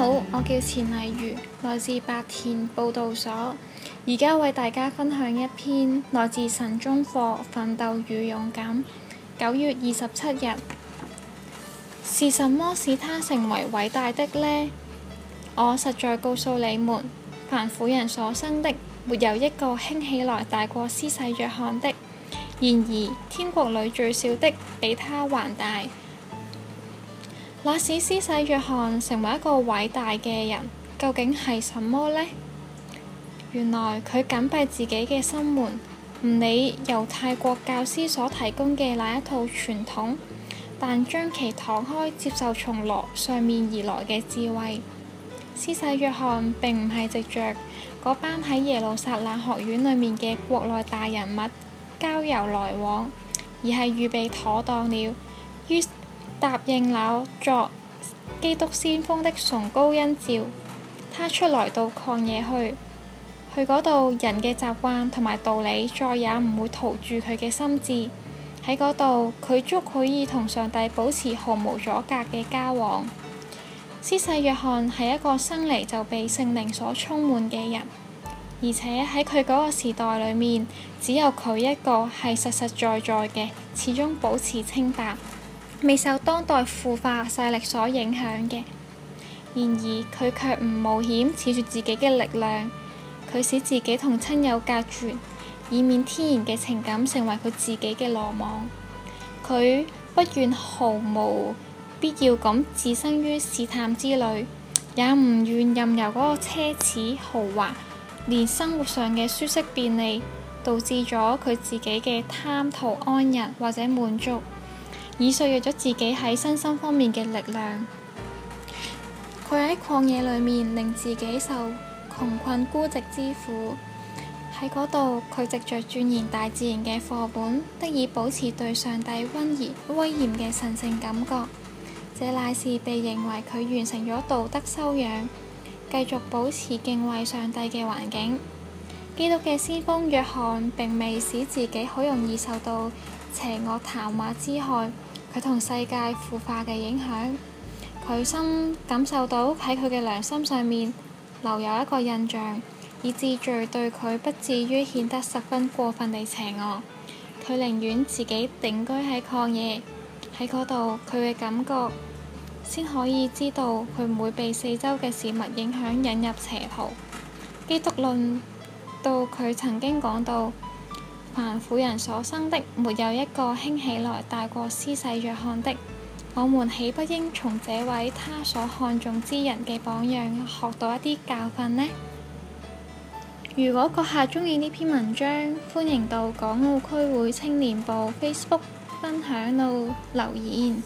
好，我叫錢麗如，來自白田報道所，而家為大家分享一篇來自神中課《奮鬥與勇敢》。九月二十七日，是什麼使他成為偉大的呢？我實在告訴你們，凡婦人所生的，沒有一個興起來大過施洗約翰的。然而，天國裏最小的比他還大。那使施洗約翰成為一個偉大嘅人，究竟係什麼呢？原來佢緊閉自己嘅心門，唔理猶太國教師所提供嘅那一套傳統，但將其敞開接受從羅上面而來嘅智慧。施洗約翰並唔係藉着嗰班喺耶路撒冷學院裏面嘅國內大人物交遊來往，而係預備妥當了，於。答應攞作基督先鋒的崇高恩召，他出來到曠野去，去嗰度人嘅習慣同埋道理再也唔會陶住佢嘅心智，喺嗰度佢足可以同上帝保持毫無阻隔嘅交往。施洗約翰係一個生嚟就被聖靈所充滿嘅人，而且喺佢嗰個時代裏面，只有佢一個係實實在在嘅，始終保持清白。未受當代腐化勢力所影響嘅，然而佢卻唔冒險恃住自己嘅力量，佢使自己同親友隔絕，以免天然嘅情感成為佢自己嘅羅網。佢不願毫無必要咁置身於試探之旅，也唔願任由嗰個奢侈豪華，連生活上嘅舒適便利，導致咗佢自己嘅貪圖安逸或者滿足。已削弱咗自己喺身心方面嘅力量。佢喺曠野裏面，令自己受窮困孤寂之苦。喺嗰度，佢藉着鑽研大自然嘅課本，得以保持對上帝温而威嚴嘅神聖感覺。這乃是被認為佢完成咗道德修養，繼續保持敬畏上帝嘅環境。基督嘅先鋒約翰，並未使自己好容易受到邪惡談話之害。佢同世界腐化嘅影響，佢深感受到喺佢嘅良心上面留有一個印象，以致罪對佢不至於顯得十分過分地邪惡，佢寧願自己定居喺曠野，喺嗰度佢嘅感覺先可以知道佢唔會被四周嘅事物影響引入邪途。基督論到佢曾經講到。凡婦人所生的，沒有一個興起來大過施洗約翰的。我們豈不應從這位他所看重之人嘅榜樣，學到一啲教訓呢？如果閣下中意呢篇文章，歡迎到港澳區會青年部 Facebook 分享度留言。